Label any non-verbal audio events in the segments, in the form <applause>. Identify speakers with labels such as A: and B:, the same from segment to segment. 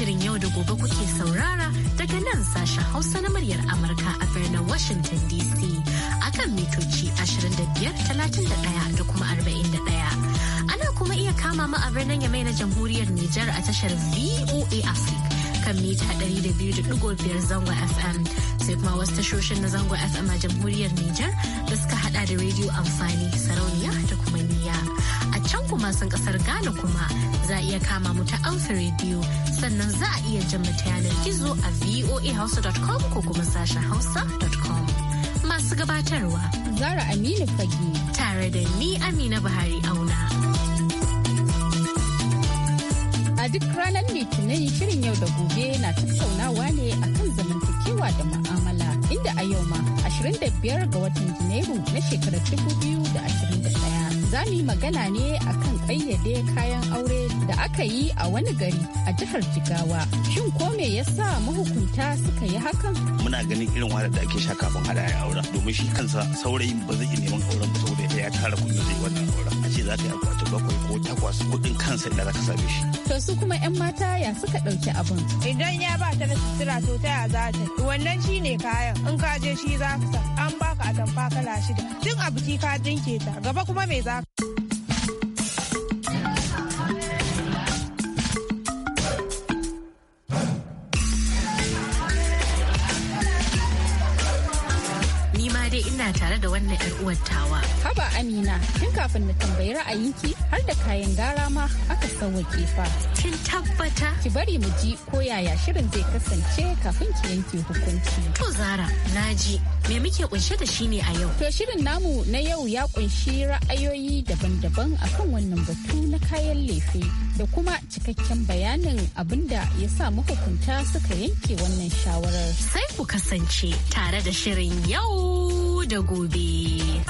A: Shirin yau da gobe kuke saurara daga nan sashen Hausa na muryar Amurka a birnin Washington DC akan mitoci 25,31 da kuma 41. Ana kuma iya kama mu a birnin Yamai na Jamhuriyar Nijar a tashar VOA Africa. kan mita 200.5 zango FM sai kuma wasu tashoshin na zango FM a jamhuriyar Nijar da suka hada da rediyo amfani sarauniya da kuma ni. kuma sun kasar Ghana kuma za a iya kama mu ta Alpha rediyo sannan za a iya jan ta yanar gizo a voahausa.com ko kuma sashen hausa.com. Masu gabatarwa Zara Aminu Fagi. tare da ni Amina Buhari Auna.
B: A duk ranar Litinin shirin yau da gobe na tattaunawa ne akan zamantakewa da ma'amala inda a yau ma 25 ga watan Janairu na shekarar 2021 za mu yi magana ne akan ƙayyade kayan aure da aka yi a wani gari a jihar Jigawa. Shin ko me yasa mahukunta suka yi hakan?
C: Muna ganin irin wahalar da ake sha kafin hada auren domin shi kansa saurayin ba zai yi neman auren ba saboda ya tara kuɗi zai wannan auren. ce za ka yi akwati bakwai ko takwas kuɗin kansa ina za ka same shi.
B: To su kuma 'yan mata ya suka ɗauki abin. Idan ya ba ta na sutura to ta ya
D: za ta wannan shi ne kayan in ka je shi za ka sa an baka atamfa kala shida duk a biki ka jinke ta gaba kuma me za ka.
A: ina tare da wannan yar uwar
B: tawa. Haba Amina, tun kafin na tambayi ra'ayinki har da kayan gara ma aka
A: sauwake fa. Kin
B: tabbata? Ki bari mu ji ko yaya shirin zai kasance kafin ki yanke hukunci.
A: To Zara, na ji. Me muke kunshe da shi ne a yau? To
B: shirin namu na yau ya kunshi ra'ayoyi daban-daban akan wannan batu na kayan lefe da kuma cikakken bayanin abin da ya sa mahukunta suka yanke wannan shawarar.
A: Sai ku kasance tare da shirin yau da gobe.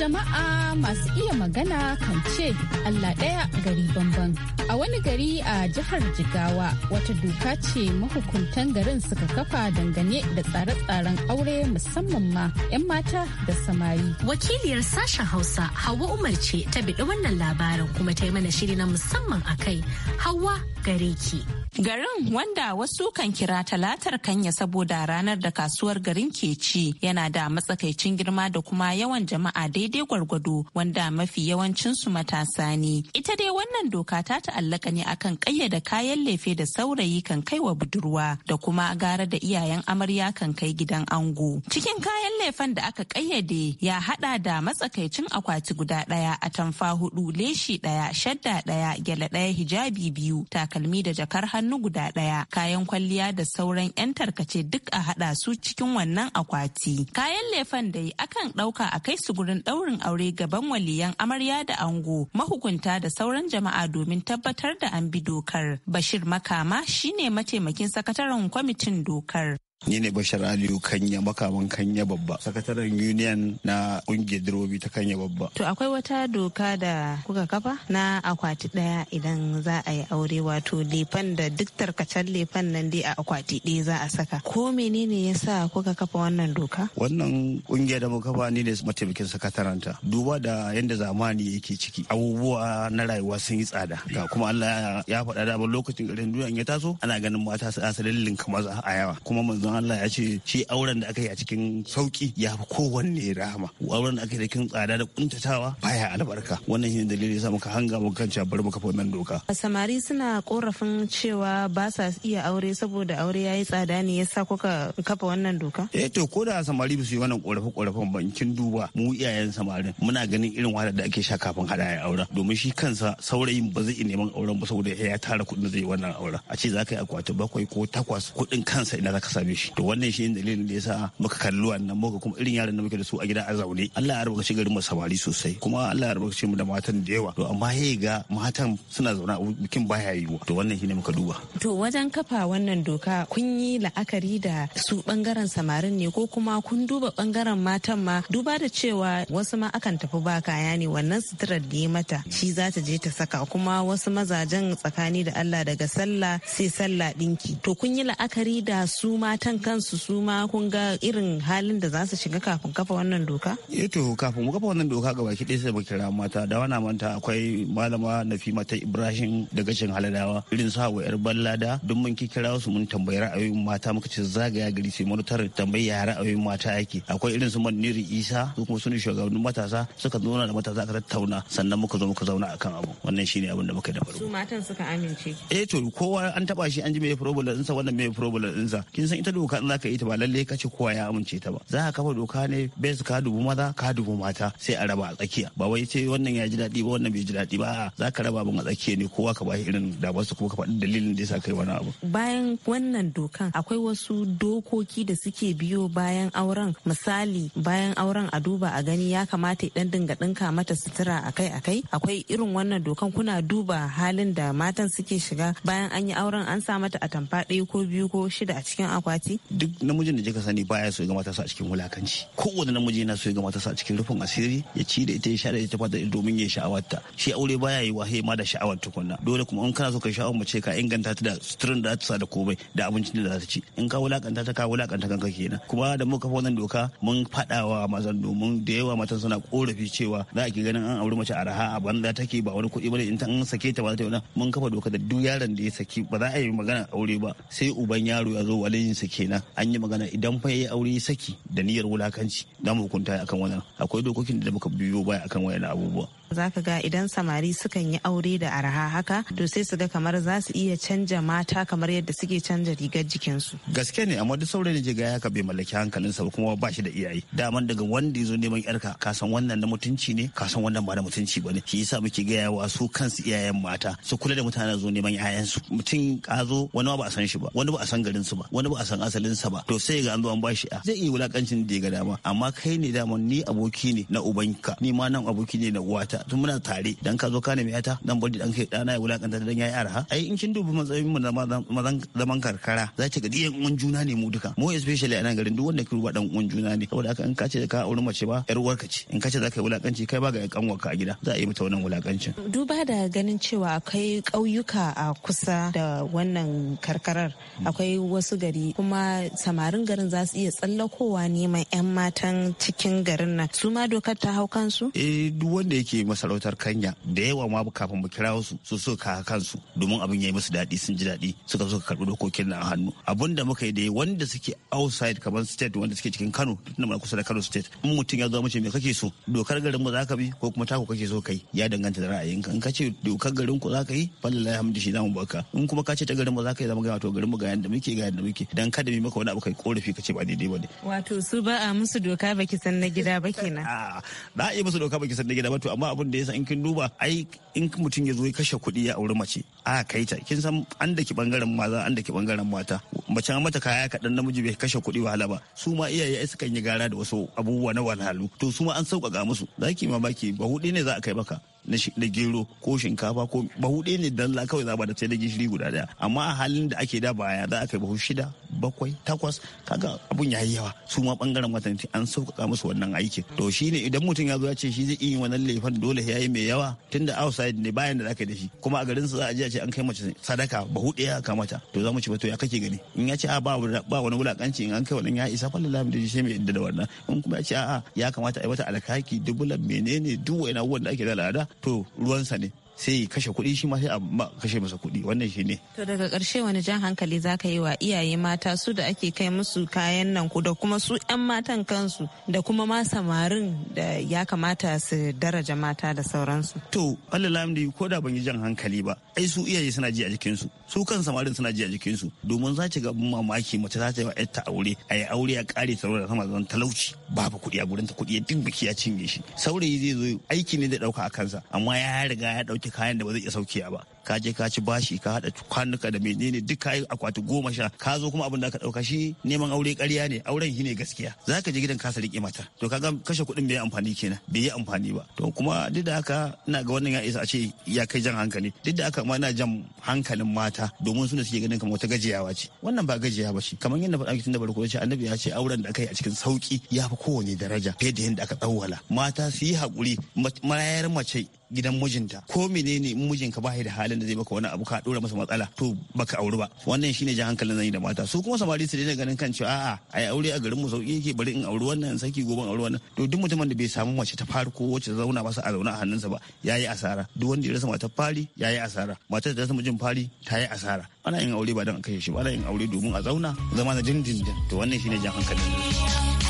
A: jama'a masu iya
B: magana kan ce Allah ɗaya gari bamban. A wani gari a jihar Jigawa wata doka ce mahukuntan garin suka kafa dangane da tsare-tsaren aure
A: musamman ma 'yan mata da samari. Wakiliyar sashen Hausa Hauwa Umar ce ta biɗi wannan labarin kuma ta yi mana shiri na musamman a kai. Hauwa gare ki.
D: Garin wanda wasu kan kira talatar kanya saboda ranar da kasuwar garin ke ci yana da matsakaicin girma da kuma yawan jama'a daidai gwargwado wanda mafi yawancinsu matasa ne. Ita dai wannan doka ta ta'allaka ne akan kayyada kayan lefe da saurayi kan kai wa budurwa da kuma gara da iyayen amarya kan kai gidan ango. Cikin kayan lefen da aka kayyade ya hada da matsakaicin akwati guda daya atamfa hudu leshi ɗaya shadda ɗaya gyale ɗaya hijabi biyu takalmi da jakar hannu hannu guda ɗaya kayan kwalliya da sauran 'yan tarkace duk a haɗa su cikin wannan akwati kayan lefen da yi akan ɗauka a kai su gurin ɗaurin aure gaban waliyan amarya da ango mahukunta da sauran jama'a domin tabbatar da an bi dokar bashir makama shine mataimakin sakataren kwamitin dokar
C: Ni ne Bashar Aliyu Kanya makaman Kanya babba, sakataren union na ƙungiyar direbobi ta Kanya babba.
D: To akwai wata doka da kuka kafa na akwati ɗaya idan za a yi aure wato lefan da duk tarkacen lefan nan dai a akwati ɗaya za a saka. Ko menene ya sa kuka kafa wannan doka?
C: Wannan ƙungiyar da muka kafa ni ne mataimakin sakataranta. Duba da yadda zamani yake ciki abubuwa na rayuwa sun yi tsada ga kuma Allah ya faɗa da lokacin garin duniya ya taso ana ganin mata su asalin linka maza a yawa kuma don Allah ya ce shi auren da aka yi a cikin sauki ya fi kowanne rahama auren da aka yi cikin tsada da kuntatawa baya albarka wannan shine dalilin yasa muka hanga muka kan bari muka wannan doka
D: samari suna korafin cewa ba sa iya aure saboda aure yayi tsada ne yasa kuka kafa wannan doka eh
C: to ko da samari ba su yi wannan korafin korafin ban kin duba mu iyayen samarin muna ganin irin wahalar da ake sha kafin hada ya aura domin shi kansa saurayin ba zai neman auren ba saboda ya tara kuɗin zai wannan aura a ce za yi akwati bakwai ko takwas kuɗin kansa ina za ka same shi to wannan shi ne dalilin da yasa muka kalli wannan muka kuma irin yaran da muke da su a gida a zaune Allah ya albarkaci garin mu samari sosai kuma Allah ya albarkaci mu da matan da yawa to amma yayi ga matan suna zaune a bikin baya yi to wannan shi ne muka duba
D: to wajen kafa wannan doka kun yi la'akari da su bangaren samarin ne ko kuma kun duba bangaren matan ma duba da cewa wasu ma akan tafi ba kaya ne wannan suturar da yi mata shi za ta je ta saka kuma wasu mazajen tsakani da Allah daga sallah sai sallah dinki to kun yi la'akari da su matan kan kansu su ma kun ga irin halin da za su shiga kafin kafa wannan doka?
C: Eh to kafin mu kafa wannan doka ga baki ɗaya sai mu kira mata da wana manta akwai malama Nafima ta Ibrahim daga cin haladawa irin su Hawa yar ballada don mun kira su mun tambayi ra'ayoyin mata muka ce zagaya gari sai mun tar tambayi ya ra'ayoyin mata yake akwai irin su Manniri Isa su kuma su shugabannin matasa suka zauna da matasa aka tattauna sannan muka zo muka zauna akan abu wannan shine abin da muka da farko.
D: Su matan suka amince.
C: Eh to kowa an taba shi an ji mai problem ɗinsa wannan mai problem ɗinsa kin san ita doka in zaka yi ta ba lalle ka ce kowa ya amince ta ba za ka kafa doka ne bes ka dubu maza ka dubu mata sai a raba a tsakiya ba wai ce wannan ya ji daɗi ba wannan bai ji daɗi ba za ka raba mun a tsakiya ne kowa ka ba shi irin su kuma ka faɗi dalilin da ya sa kai
E: wani abu
D: bayan wannan dokan akwai wasu dokoki da suke biyo bayan auren misali bayan auren a duba a gani ya kamata idan dinga dinka mata sutura akai akai akwai irin wannan dokan kuna duba halin da matan suke shiga bayan an yi auren an sa mata atamfa ɗaya ko biyu ko shida a cikin akwati ce duk
C: namijin da jika sani baya so ya ga matasa a cikin wulakanci kowane namiji yana so ya ga matasa a cikin rufin asiri ya ci da ita ya sha da ita fata domin ya sha'awar ta shi aure baya yi wahaye ma da sha'awar tukunna dole kuma in kana so ka sha'awar mace ka inganta ta da suturin da za ta sa da komai da abincin da za ta ci in ka wulakanta ta ka wulakanta kanka kenan kuma da muka fa wannan doka mun faɗawa mazan domin da yawa matan suna korafi cewa za a ki ganin an auri mace araha a banza take ba wani kuɗi bane in ta an sake ta ba ta mun kafa doka da duk yaron da ya saki ba za a yi magana aure ba sai uban yaro ya zo walin saki kenan an yi magana idan fa yayi aure saki da niyyar wulakanci da mu hukunta akan wannan akwai dokokin da muka biyo baya akan wayannan abubuwa
D: za ka ga idan samari sukan yi aure da arha haka to sai su ga kamar za su iya canja mata kamar yadda suke canja rigar jikinsu
C: gaske ne amma duk saurayin je ga ka bai mallaki hankalinsa ba kuma ba shi da iyaye daman daga wanda ya zo neman yarka ka san wannan na mutunci ne ka san wannan ba da mutunci ba ne shi yasa muke gaya wa su kansu iyayen mata su kula da mutanen zo neman yayansu mutum ka zo wani ba a san shi ba wani ba a san garinsu ba wani ba a san asalinsa ba to sai ga an zo an shi a zai iya wulakancin da ya ga dama amma kai ne daman ni aboki ne na ubanka ni ma nan aboki ne na uwata tun muna tare dan ka zo ka nemi ta dan bodi dan kai dana ya wulakanta dan yayi arha ai in kin dubi matsayin mu na mazan zaman karkara za ki ga diyan uwan juna ne mu duka mu especially a nan garin duk wanda ki ruwa dan uwan juna ne saboda haka in ka ce ka auri mace ba yar uwarka ce in ka ce za ka yi wulakanci kai ba ga yan kanwarka a gida za a yi mata wannan wulakancin
D: duba da ganin cewa akwai ƙauyuka a kusa da wannan karkarar akwai wasu gari kuma samarin garin za su iya tsallakowa neman 'yan matan cikin garin nan su ma dokar ta hau kansu?
C: eh duk wanda yake masarautar kanya da yawa ma kafin mu kira su su ka kansu domin abin yayi musu daɗi sun ji daɗi suka zo karɓi dokokin nan a hannu abin da muka yi da wanda suke outside kamar state wanda suke cikin kano tunda muna kusa da kano state in mutum ya zo mace me kake so dokar garin mu za ka bi ko kuma tako kake so kai ya danganta da ra'ayinka in ka ce dokar garin ku za ka yi fallahi hamdu shi zamu baka in kuma ka ce ta garin mu za ka yi zama ga to garin mu ga yanda muke ga yanda muke dan kada mu maka wani abu kai korafi ka ce ba daidai ba ne
D: wato su ba a musu doka baki san na gida ba kenan a
C: da a yi musu doka baki san na gida ba to amma abin da yasa in kin duba ai in mutum ya zo ya kashe kuɗi ya auri mace a kai ta kin san an daki bangaren maza an daki bangaren mata mace mata kaya kaɗan namiji bai kashe kuɗi wahala ba su ma iyaye sukan yi gara da wasu abubuwa na walhalu to su ma an sauƙaƙa musu zaki mamaki ba huɗu ne za a kai baka na gero ko shinkafa ko bahuɗe ne ne la kawai za da sai da gishiri guda daya amma a halin da ake da baya za a kai bahu shida bakwai takwas kaga abun ya yi yawa su ma bangaren watanti an sauƙaƙa musu wannan aikin to shine idan mutum ya zo ya ce shi zai iya wannan laifin dole ya yi mai yawa tunda outside ne bayan da za ka da shi kuma a garin su za a je a ce an kai mace sadaka bahu ɗaya kamata to za mu ci ba to ya kake gani in ya ce a ba wani wulakanci in an kai wannan ya isa falala da shi mai yadda da wannan in kuma ya ce a ya kamata a yi wata alkaki dubulan menene duk wani abubuwan da ake da al'ada to ruwansa ne sai kashe kuɗi shi ma sai a kashe masa kuɗi wannan shi ne.
D: To daga ƙarshe wani jan hankali za ka yi wa iyaye mata su da ake kai musu kayan nan ku da kuma su 'yan matan kansu da kuma ma samarin da ya kamata su daraja mata da sauransu.
C: To Allah lamdi ko da ban yi jan hankali ba ai su iyaye suna ji a jikinsu su kan samarin suna ji a jikinsu domin za ga mamaki mace za ta yi wa 'yarta aure a yi aure a ƙare saboda sama zaman talauci babu kuɗi a gurinta kuɗi ya duk biki ya cinye shi saurayi zai zo aiki ne zai ɗauka a kansa amma ya riga ya ɗauki sauke kayan da ba zai iya sauke ba ka je ka ci bashi ka hada kwanuka da menene duk kayi akwati goma sha ka zo kuma abin da aka dauka shi neman aure ƙarya ne auren shi gaskiya za ka je gidan kasa riƙe mata to ka kashe kuɗin bai amfani kenan bai yi amfani ba to kuma duk da haka ina ga wannan ya isa a ce ya kai jan hankali duk da haka ma ina jan hankalin mata domin su ne suke ganin kamar wata gajiyawa ce wannan ba gajiya ba ce kamar yadda faɗa miki tun da farko ce annabi ya ce auren da aka yi a cikin sauki ya fi kowane daraja fiye da yadda aka tsawwala mata su yi haƙuri marayar mace gidan mijinta ko menene mijinka ba da hali halin da zai baka wani abu ka dora masa matsala to baka auri ba wannan shine jan hankalin zan yi da mata su kuma samari su daina ganin kan cewa a'a ai aure a garin mu sauki yake bari in auri wannan saki gobe auri wannan to duk mutumin da bai samu mace ta farko wacce zauna masa a zauna a hannunsa ba yayi asara duk wanda ya rasa mata fari yayi asara matar da ta mijin fari ta yi asara ana yin aure ba don a kashe shi ba ana yin aure domin a zauna zama na dindindin to wannan shine jan
E: hankalin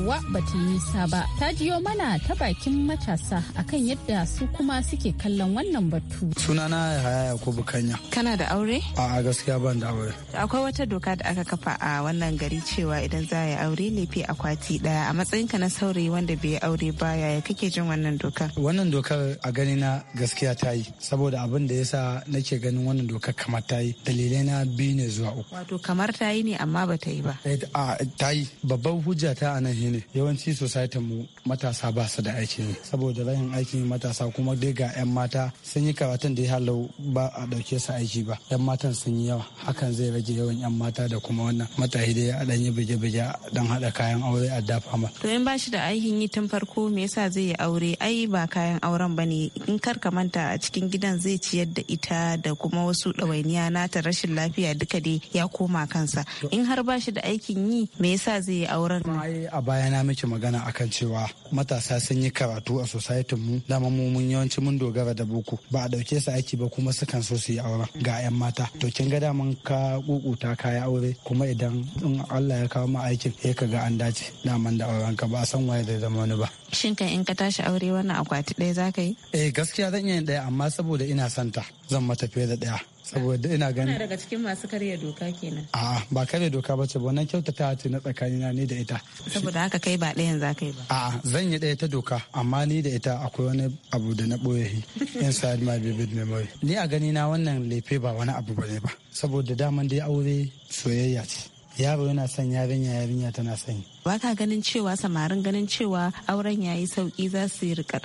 B: hawa ba ta yi nisa ba ta jiyo mana ta bakin matasa akan yadda su kuma suke kallon wannan batu.
F: Sunana Yahaya Yakubu Kanya.
B: Kana da aure?
F: A gaskiya ban da aure.
B: Akwai
D: wata doka da aka kafa a wannan gari cewa idan za a yi aure ne fi akwati daya a matsayin ka na saurayi wanda bai aure ba yaya kake jin wannan dokar?
F: Wannan dokar a gani na gaskiya ta yi saboda abin da yasa nake ganin wannan dokar kamar ta yi dalilai na biyu ne zuwa uku.
D: Wato kamar ta yi ne amma ba ta yi ba.
F: Eh, a ta yi babban hujja ta a ne yawanci society mu matasa ba su da aikin yi saboda rayin aikin matasa kuma dai ga 'yan mata sun yi karatun da ya halau ba a ɗauke su aiki ba 'yan matan sun yi yawa hakan zai rage yawan 'yan mata da kuma wannan matahi dai ya ɗanyi bige-bige don haɗa kayan aure a dafa ma. to
D: in ba da aikin yi tun farko me yasa zai yi aure ai ba kayan auren ba ne in kar ka manta a cikin gidan zai ciyar da ita da kuma wasu ɗawainiya nata rashin lafiya duka dai ya koma kansa in har bashi da aikin yi me yasa zai yi auren.
F: a baya na miki magana akan cewa matasa sun yi karatu a societin mu dama mu mun yawanci mun dogara da boko ba a dauke su aiki ba kuma su kan so su yi aure ga yan mata to kin ga daman ka kukuta ka yi aure kuma idan in Allah ya kawo ma aikin sai ka ga an dace daman da auren ka ba a san waye da zama wani ba
D: shin kan in ka tashi aure wannan akwati daya zaka yi
F: eh gaskiya zan iya ɗaya amma saboda ina santa zan mata fiye da ɗaya saboda ina gani daga
D: cikin masu karya doka kenan
F: a ba karya doka ba ce ba wannan kyautata ce na tsakanina ni da ita saboda
D: haka kai ba ɗayan za ka
F: yi ba a zan yi ɗaya ta doka amma ni da ita akwai wani abu da na ɓoye inside my vivid memory ni a gani na wannan lefe ba wani abu bane ba saboda daman dai aure soyayya ce yaro yana son yarinya yarinya tana son
D: ba ka ganin cewa samarin ganin cewa auren yayi sauki za su rika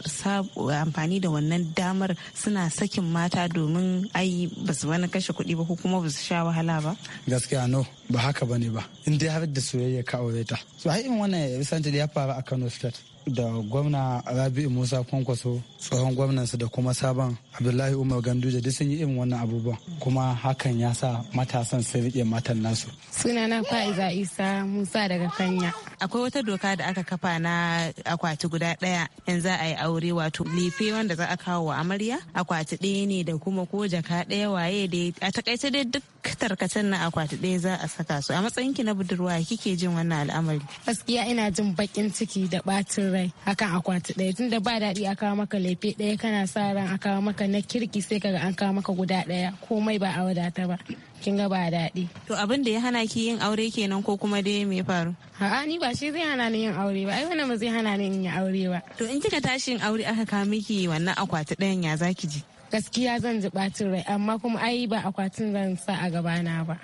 D: amfani da wannan damar suna sakin mata domin ai ba su wani kashe kuɗi ba ko kuma ba su sha wahala ba
F: gaskiya no ba haka ba ne ba in dai har da soyayya ka aure ta so ai in wannan ya ya faru a Kano state da gwamna rabi'u musa kwankwaso tsohon gwamnansu da kuma sabon abdullahi umar ganduje duk sun yi irin wannan abubuwan kuma hakan ya sa matasan sun rike matan nasu
D: sunana fa'iza isa musa daga kanya akwai wata doka da aka kafa na akwati guda daya yanzu za a yi aure wato lefe wanda za a kawo wa amarya akwati ɗaya ne da kuma ko jaka ɗaya waye da a takaice dai duk tarkacen na akwati ɗaya za a saka su a matsayin ki na budurwa kike jin wannan al'amari gaskiya ina jin bakin ciki da bacin rai akan akwati ɗaya tunda ba daɗi a kawo maka lefe ɗaya kana sa ran a kawo maka na kirki sai kaga an kawo maka guda ɗaya komai ba a wadata ba kin ga ba daɗi. To abin da ya hana ki yin aure kenan ko kuma dai me faru? A'a ni ba shi zai hana ni yin aure ba ai wannan ba zai hana ni yin aure ba. To in kika tashi yin aure aka kawo miki wannan akwati ɗayan ya zaki ji?
A: Gaskiya zan ji ɓacin rai amma kuma ai ba akwatin zan sa a gabana ba.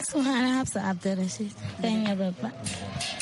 A: Sunana Hafsa Abdulrashid ya babba.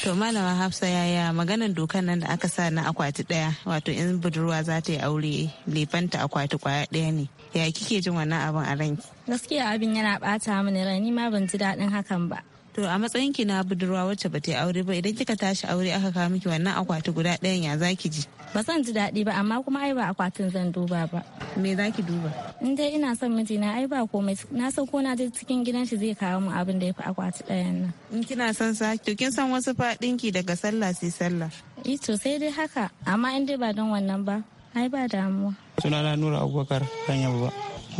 D: To Malama Hafsa yaya maganar dokan nan da aka sa na akwati ɗaya wato in budurwa za ta yi aure lefanta akwati kwaya ɗaya ne. Ya kike jin wannan abin a ranki?
A: Gaskiya abin yana ɓata mini rai ni ma ban ji daɗin hakan ba. To
D: a matsayin ki na budurwa wacce ba ta yi aure ba
A: idan kika tashi
D: aure aka kawo miki wannan akwati guda ɗayan ya zaki ji.
A: Ba zan ji daɗi ba amma kuma ai ba akwatin zan duba ba. Me zaki duba? in dai ina son mijina ai ba komai na san ko na cikin gidan shi zai kawo mu abin da ya fi akwati ɗayan nan in kina
D: son sa to kin san wasu faɗinki daga sallah sai
A: sallah eh to sai dai haka amma in dai ba don wannan ba ai ba damuwa
G: sunana nura abubakar
C: kan yabo ba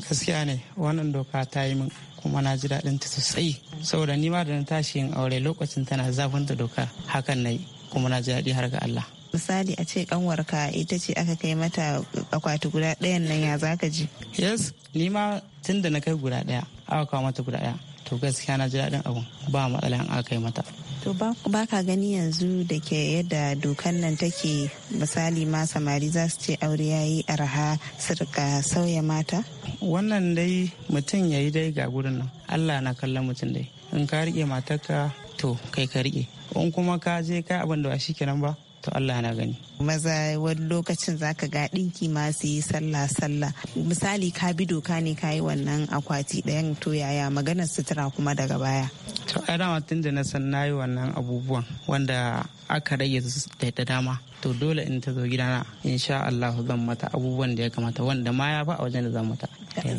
C: gaskiya ne wannan doka ta yi min kuma na ji daɗin ta sosai saboda ni ma da na tashi yin aure lokacin tana zafin ta doka hakan na yi kuma na ji daɗi har ga Allah
D: misali a ce kanwarka ita ce aka kai mata akwati guda ɗayan nan ya zaka ji
C: yes nima tun da na kai guda ɗaya
D: aka kawo mata guda ɗaya to
C: gaskiya na ji daɗin abu ba matsala aka kai mata
D: to ba ka gani yanzu da ke yadda dokan nan take misali ma samari za su ce aure ya yi arha su rika sauya mata wannan dai
C: mutum ya yi dai ga gurin nan allah na
D: kallon mutum dai in ka riƙe matarka to kai ka riƙe in kuma ka je kai abin da ba shi kenan ba to Allah na gani maza wani lokacin za ka ga ɗinki ma su yi sallah sallah misali ka bi doka ne ka yi wannan akwati ɗayan to yaya maganar sutura kuma daga baya
C: to ai dama tun da na san na yi wannan abubuwan wanda aka rage su da dama to dole in ta zo gidana insha Allah zan mata abubuwan da ya kamata wanda ma ya ba a wajen da
H: zan mata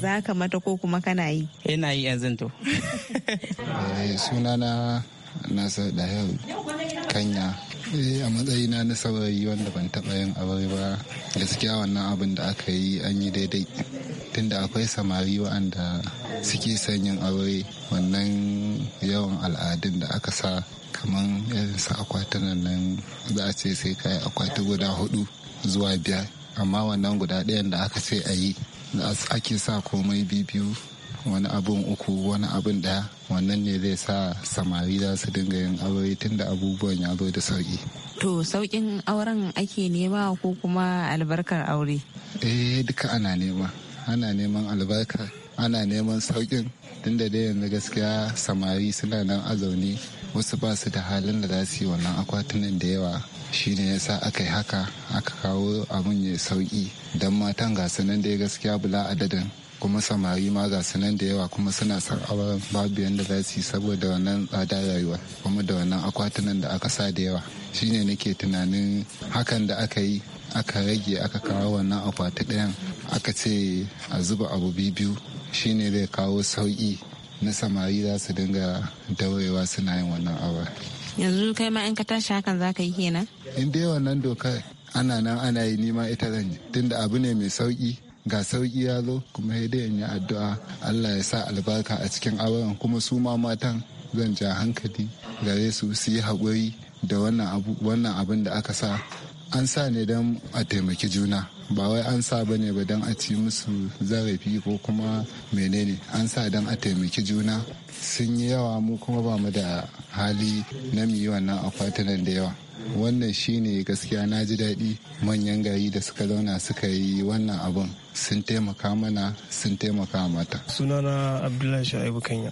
D: za ka mata ko kuma kana yi
H: ina yi yanzu to <laughs> sunana nasa da kanya Eh, a matsayina na saurayi wanda ban taɓa yin aure ba gaskiya wannan abin da aka yi an yi daidai tunda akwai samari wa'anda suke son yin aure wannan yawan al'adun da aka sa kamar irin sa akwatin nan za a ce sai kai akwati guda hudu zuwa biyar amma wannan guda ɗayan da aka ce a yi ake sa komai biyu. wani abun uku wani abun ɗaya wannan ne zai sa samari za su dinga yin aure tunda abubuwan ya zo da sauki
D: to saukin auren ake nema ko kuma albarkar aure
H: eh duka ana nema ana neman albarka ana neman saukin tunda dai yanzu gaskiya samari suna nan a zaune wasu ba su da halin da za su yi wannan akwatunan da yawa Shi shine yasa aka yi haka aka kawo abin ya sauki don matan gasu nan dai gaskiya bula adadin kuma samari ma ga su nan da yawa kuma suna son auren babu yadda za su yi saboda wannan tsada rayuwa kuma da wannan akwatunan da aka sa da yawa shine nake tunanin hakan da aka yi aka rage aka kawo wannan akwati ɗayan aka ce a zuba abu biyu shine zai kawo sauki na samari za su dinga daurewa suna yin wannan abu
D: yanzu kai ma in ka tashi hakan za ka yi kenan
H: in dai wannan dokar ana nan ana yi nima ita zan tunda abu ne mai sauki. ga sauki ya zo kuma dai in yi addu'a Allah ya sa albarka a cikin auren kuma su ma matan zan ja hankali gare su su yi haƙuri da wannan abin da aka sa an sa ne don a taimaki juna ba wai an sa ba ne ba don a ci musu zarafi ko kuma menene an sa don a taimaki juna sun yi yawa mu kuma ba mu da hali na mu yi wannan akwatunan da yawa wannan shine gaskiya na ji daɗi manyan gayi da suka zauna suka yi wannan abun sun taimaka mana sun taimaka mata sunana
G: abdullahi sha'ibu kanya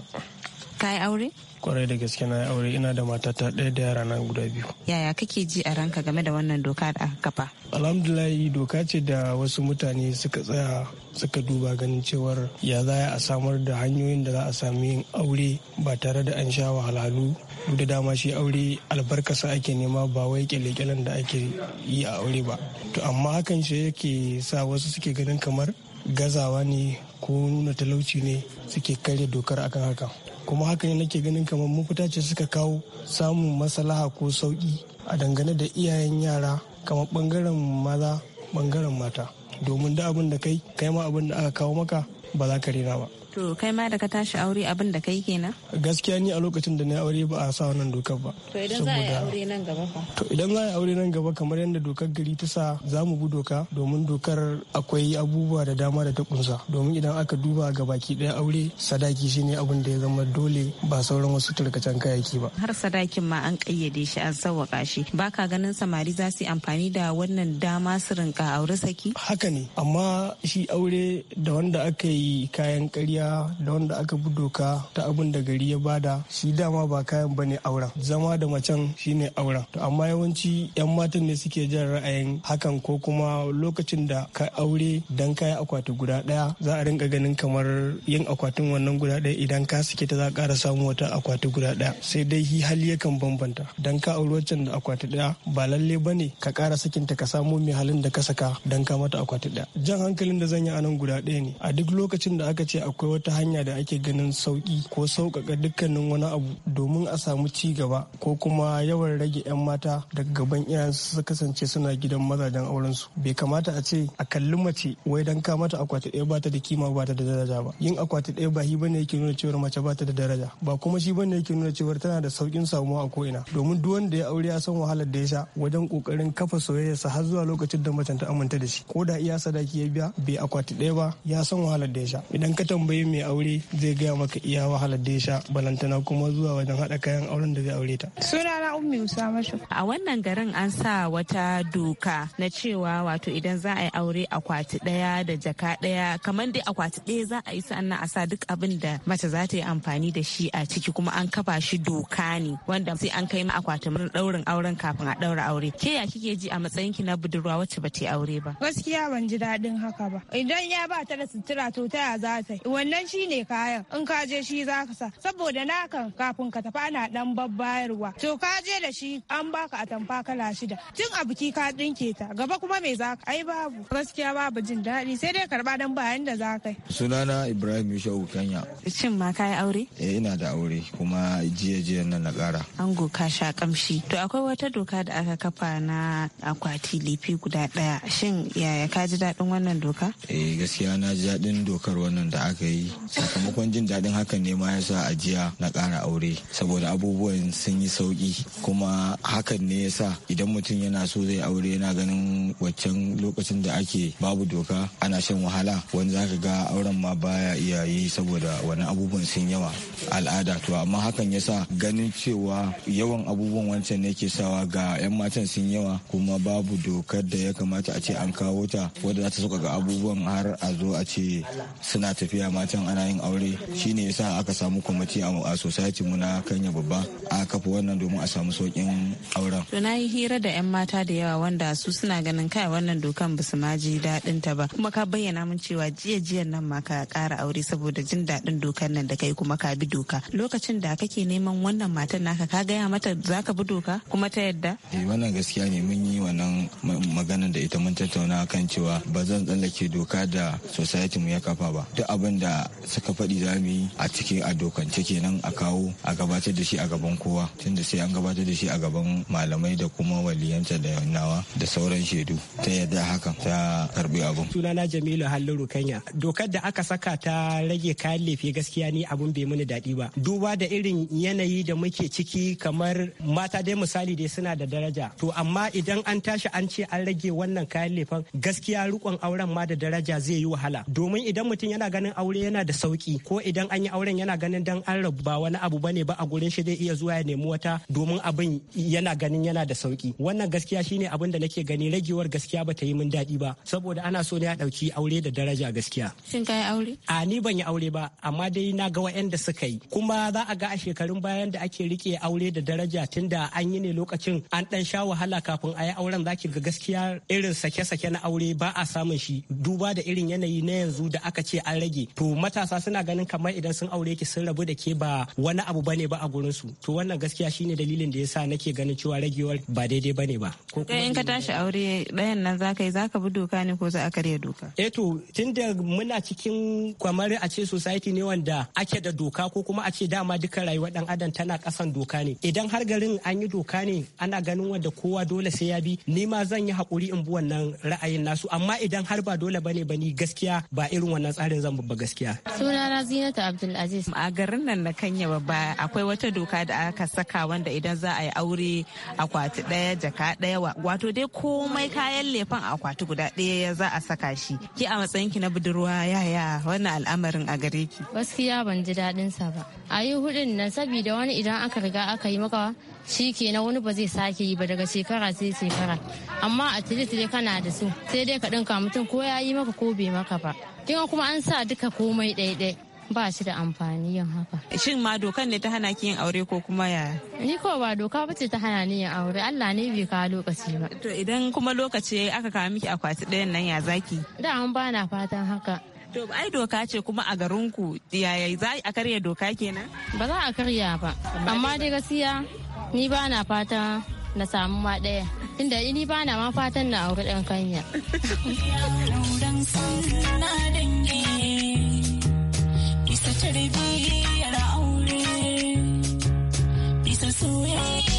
G: Ka yi aure? Kwarai da gaske na yi aure ina da matata ɗaya da yara na guda biyu.
D: Yaya kake ji a ranka game da wannan doka da aka
G: kafa? Alhamdulahi doka ce da wasu mutane suka tsaya suka duba ganin cewar ya za a samar da hanyoyin da za a sami yin aure ba tare da an sha wahalhalu da dama shi aure albarkasa ake nema ba wai kyale-kyalen da ake yi a aure ba to amma hakan shi yake sa wasu suke ganin kamar gazawa ne ko nuna talauci ne suke karya dokar akan haka kuma haka ne nake ganin kamar mafita ce suka kawo samun maslaha ko sauki a dangane da iyayen yara kamar bangaren maza bangaren mata domin da abin da kai kai ma abin da aka kawo maka ba za ka rena ba
D: to kai ma da ka tashi aure abin da kai kenan
G: gaskiya ni a lokacin da na aure ba a sa wannan dokar ba to idan za a yi aure nan gaba fa to idan za a yi aure nan gaba kamar yadda dokar gari ta sa za mu bi doka domin dokar akwai abubuwa da dama da ta kunsa domin idan aka duba ga baki ɗaya aure sadaki shine abin da ya zama dole ba sauran wasu tarkacen kayayyaki ba
D: har sadakin ma an kayyade shi an sawwaka shi baka ganin samari za su yi amfani da wannan dama su rinka aure saki haka ne
G: amma shi aure da wanda aka yi kayan karya kaya da wanda aka bi doka ta abin da gari ya bada shi dama ba kayan bane auren zama da macen shine auren to amma yawanci yan matan ne suke jan ra'ayin hakan ko kuma lokacin da ka aure dan kaya akwati guda daya za a rinka ganin kamar yin akwatin wannan guda daya idan ka suke ta za a ƙara samu wata akwati guda daya sai dai hi hali yakan bambanta dan ka aure waccan da akwati daya ba lalle bane ka ƙara sakinta ka samu mai halin da ka saka dan ka mata akwati daya jan hankalin da zan yi a nan guda daya ne a duk lokacin da aka ce akwai wata hanya da ake ganin sauki ko sauƙaƙa dukkanin wani abu domin a samu ci gaba ko kuma yawan rage 'yan mata daga gaban iyayen su kasance suna gidan mazajen aurensu bai kamata a ce a kalli mace wai dan ka mata akwati ɗaya bata da kima bata da daraja ba yin akwati ɗaya ba shi bane yake nuna cewar mace bata da daraja ba kuma shi bane yake nuna cewar tana da saukin samuwa a ko'ina domin duk wanda ya aure ya san wahalar da ya sha wajen kokarin kafa soyayyarsa har zuwa lokacin da macen ta aminta da shi ko da iya sadaki ya biya bai akwati ɗaya ba ya san wahalar da ya sha idan ka tambayi nauyin mai aure zai gaya maka iya wahalar da ya sha balantana kuma zuwa wajen haɗa kayan auren da zai aure ta. Sunana Ummi Usama
D: A wannan garin an sa wata doka na cewa wato idan za a yi aure akwati ɗaya da jaka ɗaya kamar dai akwati ɗaya za a yi sannan a sa duk abin da mace za ta yi amfani da shi a ciki kuma an kafa shi doka ne wanda sai an kai ma akwati akwatin ɗaurin auren kafin a ɗaura aure. Ke ya kike ji a matsayin ki na budurwa wacce ba ta yi aure ba? Gaskiya ban ji daɗin haka ba. Idan ya ba ta da sutura to ta ya za ta yi? wannan shi ne kayan in ka je shi za ka sa saboda nakan kafin ka tafi ana dan babbayarwa to ka je da shi an baka atamfa kala shida tun a biki ka dinke ta gaba kuma me za ka ai babu gaskiya babu jin daɗi sai dai karba dan bayan da za ka
I: sunana ibrahim yusuf kenya
D: shin ma ka yi aure
I: eh ina da aure kuma jiya jiya nan na kara ango ka sha kamshi
D: to akwai wata doka da aka kafa na akwati lifi guda ɗaya? shin yaya ka ji daɗin wannan doka
I: eh gaskiya na ji daɗin dokar wannan da aka yi yi sakamakon jin daɗin hakan ne ma ya sa ajiya na ƙara aure saboda abubuwan sun yi sauƙi kuma hakan ne ya sa idan mutum yana so zai aure yana ganin waccan lokacin da ake babu doka ana shan wahala wani za ga auren ma baya iya yi saboda wani abubuwan sun yawa al'ada to amma hakan ya sa ganin cewa yawan abubuwan wancan ne ke sawa ga 'yan matan sun yawa kuma babu dokar da ya kamata a ce an kawo ta wadda za ta ga abubuwan har a zo a ce suna tafiya ma matan ana yin aure shine yasa aka samu kwamiti a society mu na kanya babba a kafa wannan domin a samu saukin auren to
D: na yi hira da yan mata da yawa wanda su suna ganin kai wannan dokan basu ma ji daɗin ta ba kuma ka bayyana min cewa jiya jiyan nan ma ka ƙara aure saboda jin daɗin dokan nan da kai kuma ka bi doka lokacin da kake neman wannan matan naka ka gaya mata za ka bi doka kuma ta yadda eh wannan gaskiya ne mun yi wannan
I: maganar da ita mun tattauna kan cewa ba zan tsallake doka da society mu ya kafa ba duk abin da suka faɗi za mu yi a ciki a dokance kenan a kawo a gabatar da shi a gaban kowa tunda sai an gabatar da shi a gaban malamai da kuma waliyanta da nawa da sauran shaidu ta yadda hakan ta karbi abun.
J: sunana jamilu halliru kanya dokar da aka saka ta rage kayan lefe gaskiya ni abun bai mini daɗi ba duba da irin yanayi da muke ciki kamar mata dai misali dai suna da daraja to amma idan an tashi an ce an rage wannan kayan lefen gaskiya rikon auren ma da daraja zai yi wahala domin idan mutum yana ganin aure yana da sauki ko idan an yi auren yana ganin dan an rabu ba wani abu bane ba a gurin shi zai iya zuwa ya nemi wata domin abin yana ganin yana da sauki wannan gaskiya shine abin da nake gani ragewar gaskiya ba ta yi min daɗi ba saboda ana so ne a ɗauki aure da daraja gaskiya shin kai aure a ni ban yi aure ba amma dai na ga waɗanda suka yi kuma za a ga a shekarun bayan da ake rike aure da daraja tunda an yi ne lokacin an dan sha wahala kafin a yi auren zaki ga gaskiya irin sake-sake na aure ba a samun shi duba da irin yanayi na yanzu da aka ce an rage to matasa suna ganin kamar idan sun aure ki sun rabu da ke ba wani abu bane ba a gurin su to wannan gaskiya shine dalilin da yasa nake ganin cewa ragewar ba daidai bane ba ko
D: kuma in ka tashi aure ɗayan nan zaka yi zaka bi doka ne ko za a karya doka
J: eh to tunda muna cikin kwamar a ce society ne wanda ake da doka ko kuma a ce dama duka rayuwar dan adam tana kasan doka ne idan har garin an yi doka ne ana ganin wanda kowa dole sai ya bi ni ma zan yi hakuri in bi wannan ra'ayin nasu amma idan har ba dole bane ba ni gaskiya ba irin wannan tsarin zan babba gaskiya lafiya.
D: Sunana Zinata Abdulaziz. A garin nan na Kanya babba akwai wata doka da aka saka wanda idan za a yi aure akwati ɗaya jaka ɗaya wato dai komai kayan lefan akwati guda ɗaya ya za a saka shi. Ki a matsayin ki na budurwa yaya wannan al'amarin a gare ki.
A: Gaskiya ban ji daɗin sa ba. A yi hudun nan saboda wani idan aka riga aka yi maka shi na wani ba zai sake yi ba daga shekara sai shekara amma a tilis dai kana da su sai dai ka ɗinka mutum ko ya yi maka ko bai maka ba kin kuma an sa duka komai ɗaiɗai ba shi da amfani yin haka.
D: Shin ma dokan ne ta hana ki yin aure ko kuma ya?
A: Ni ko ba doka ba ce ta hana ni yin aure Allah ne bai kawo lokaci ba. To
D: idan kuma lokaci aka kawo miki akwati ɗayan nan ya zaki?
A: Da an na fatan haka. To
D: ai doka ce kuma a garinku yaya za a karya doka kenan? Ba za a karya ba.
A: Amma dai gaskiya Ni ba na fata na samu ma ɗaya. inda ni ba na ma fatan na auri ɗan kanya.
E: Bisa tarbiyyar aure, bisa soyayya.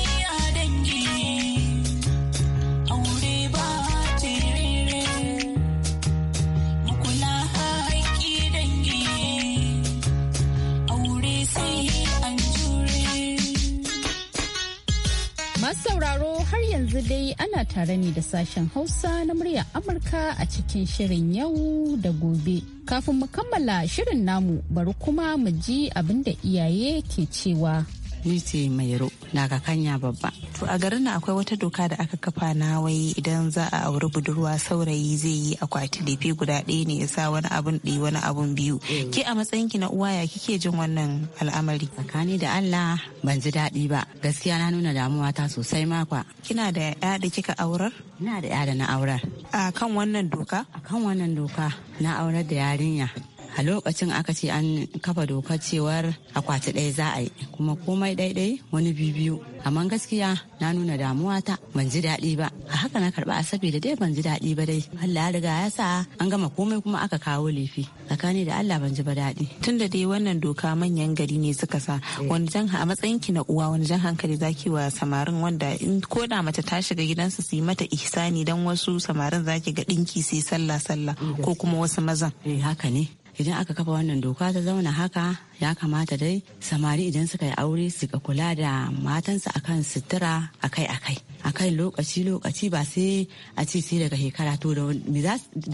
B: Masu sauraro har yanzu dai ana tare ne da sashen Hausa na murya Amurka a cikin shirin yau da gobe. Kafin mu kammala shirin namu bari kuma mu ji abinda iyaye ke cewa. ni
D: ce mai na daga kanya babba to a garin nan akwai wata doka da aka kafa na wai idan za a auri budurwa saurayi zai yi akwati lefe guda ɗaya ne yasa sa wani abun ɗi wani abun biyu ke a matsayinki na uwa ya kike jin wannan al'amari tsakani da Allah ban ji daɗi ba gaskiya na nuna damuwa ta sosai makwa kina da ya da kika aurar ina da ya na aurar a kan wannan doka a kan wannan doka na aurar da yarinya a lokacin aka ce an kafa dokar cewar akwati ɗaya za a yi kuma komai ɗaiɗai wani biyu amma gaskiya na nuna damuwa ta ban ji daɗi ba a haka na karɓa a da dai ban ji daɗi ba dai Allah ya riga ya sa an gama komai kuma aka kawo lefi tsakani da Allah ban ji ba daɗi tun da dai wannan doka manyan gari ne suka sa wani jan a matsayin ki na uwa wani jan hankali zaki wa samarin wanda in ko da mace ta shiga gidansa su yi mata ihsani dan wasu samarin zaki ga ɗinki sai sallah sallah eh, ko kuma wasu mazan eh haka ne idan aka kafa wannan doka ta zauna haka ya kamata dai samari idan suka yi aure su kula da matansu akan sutura akai-akai a kan lokaci-lokaci ba sai a ce sai daga shekara to da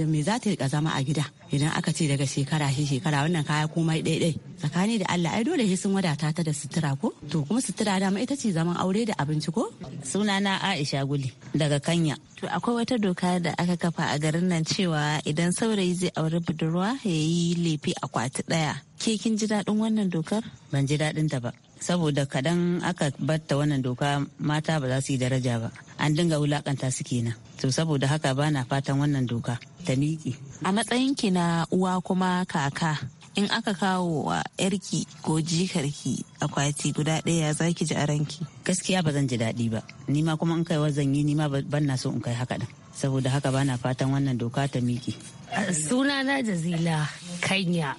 D: me za ta rika zama a gida idan aka ce daga shekara shi shekara wannan kaya komai ɗaiɗai tsakani da Allah ai dole sun wadata ta da sutura ko to kuma sutura dama ita ce zaman aure da abinci ko Suna na Aisha Guli daga Kanya to akwai wata doka da aka kafa a garin nan cewa idan saurayi zai auri budurwa ya yi lefe akwati ɗaya ke kin ji daɗin wannan dokar ban ji daɗin ta ba saboda kadan aka batta wannan doka mata ba za su yi daraja ba an dinga wulakanta su kenan to saboda haka ba na fatan wannan doka ta miƙe a matsayin ki na uwa kuma kaka in aka kawo wa yarki ko jikarki akwati guda ɗaya za ki ji a ranki gaskiya ba zan ji daɗi ba ni ma kuma in kai zan yi ni ma ban na so in kai haka ɗin saboda haka ba na fatan wannan doka ta miƙe
A: na jazila kanya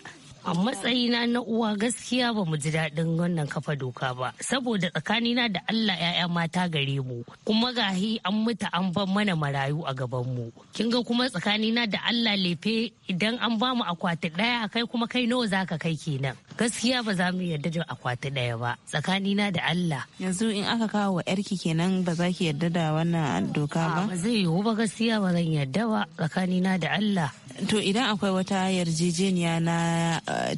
A: a matsayina na uwa gaskiya ba mu ji daɗin wannan kafa doka ba saboda tsakanina da Allah ya'ya mata gare mu kuma gahi an mutu an ban mana marayu a gaban mu kin ga kuma tsakanina da Allah lefe idan an ba mu akwati ɗaya kai kuma kai nawa zaka kai kenan gaskiya ba za mu yarda da akwati ɗaya ba tsakanina da Allah
D: yanzu in aka kawo wa yarki kenan ba za ki yarda da wannan doka ba ba zai yiwu
A: ba gaskiya ba zan yarda ba tsakanina da Allah
D: to idan akwai wata yarjejeniya na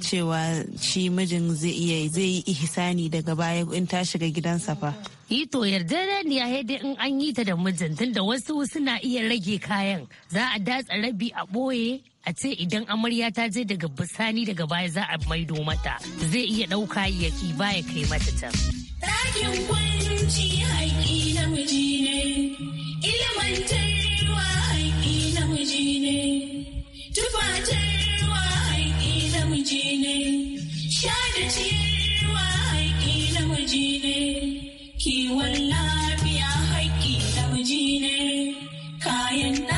D: cewa shi mijin zai iya zai yi ihsani daga baya in ta shiga gidansa fa
A: yi to yarjejeniya ya dai in an yi ta da mijin tunda wasu suna iya rage kayan za a datsa rabi a ɓoye a ce idan amarya ta je daga bisani daga baya za a maido mata zai iya ɗauka ya ki baya kai mata can.
E: Ɗakin kwanci na miji ne, tufa haƙi waje ne sha da ciyarwa haƙƙi na waje ne kiwon lafiya haƙƙi na waje ne kayan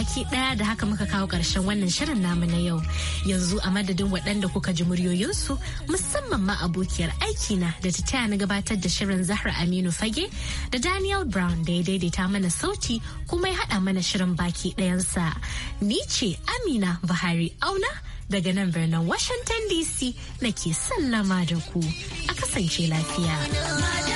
A: baki daya da haka muka kawo karshen wannan shirin namu na yau yanzu a madadin waɗanda kuka ji muryoyinsu musamman ma abokiyar aikina da ta taya na gabatar da shirin zahra aminu fage da daniel brown da ya daidaita mana sauti kuma ya haɗa mana shirin baki ɗayansa ni ce amina buhari auna daga nan birnin washington dc nake sallama da ku a kasance lafiya.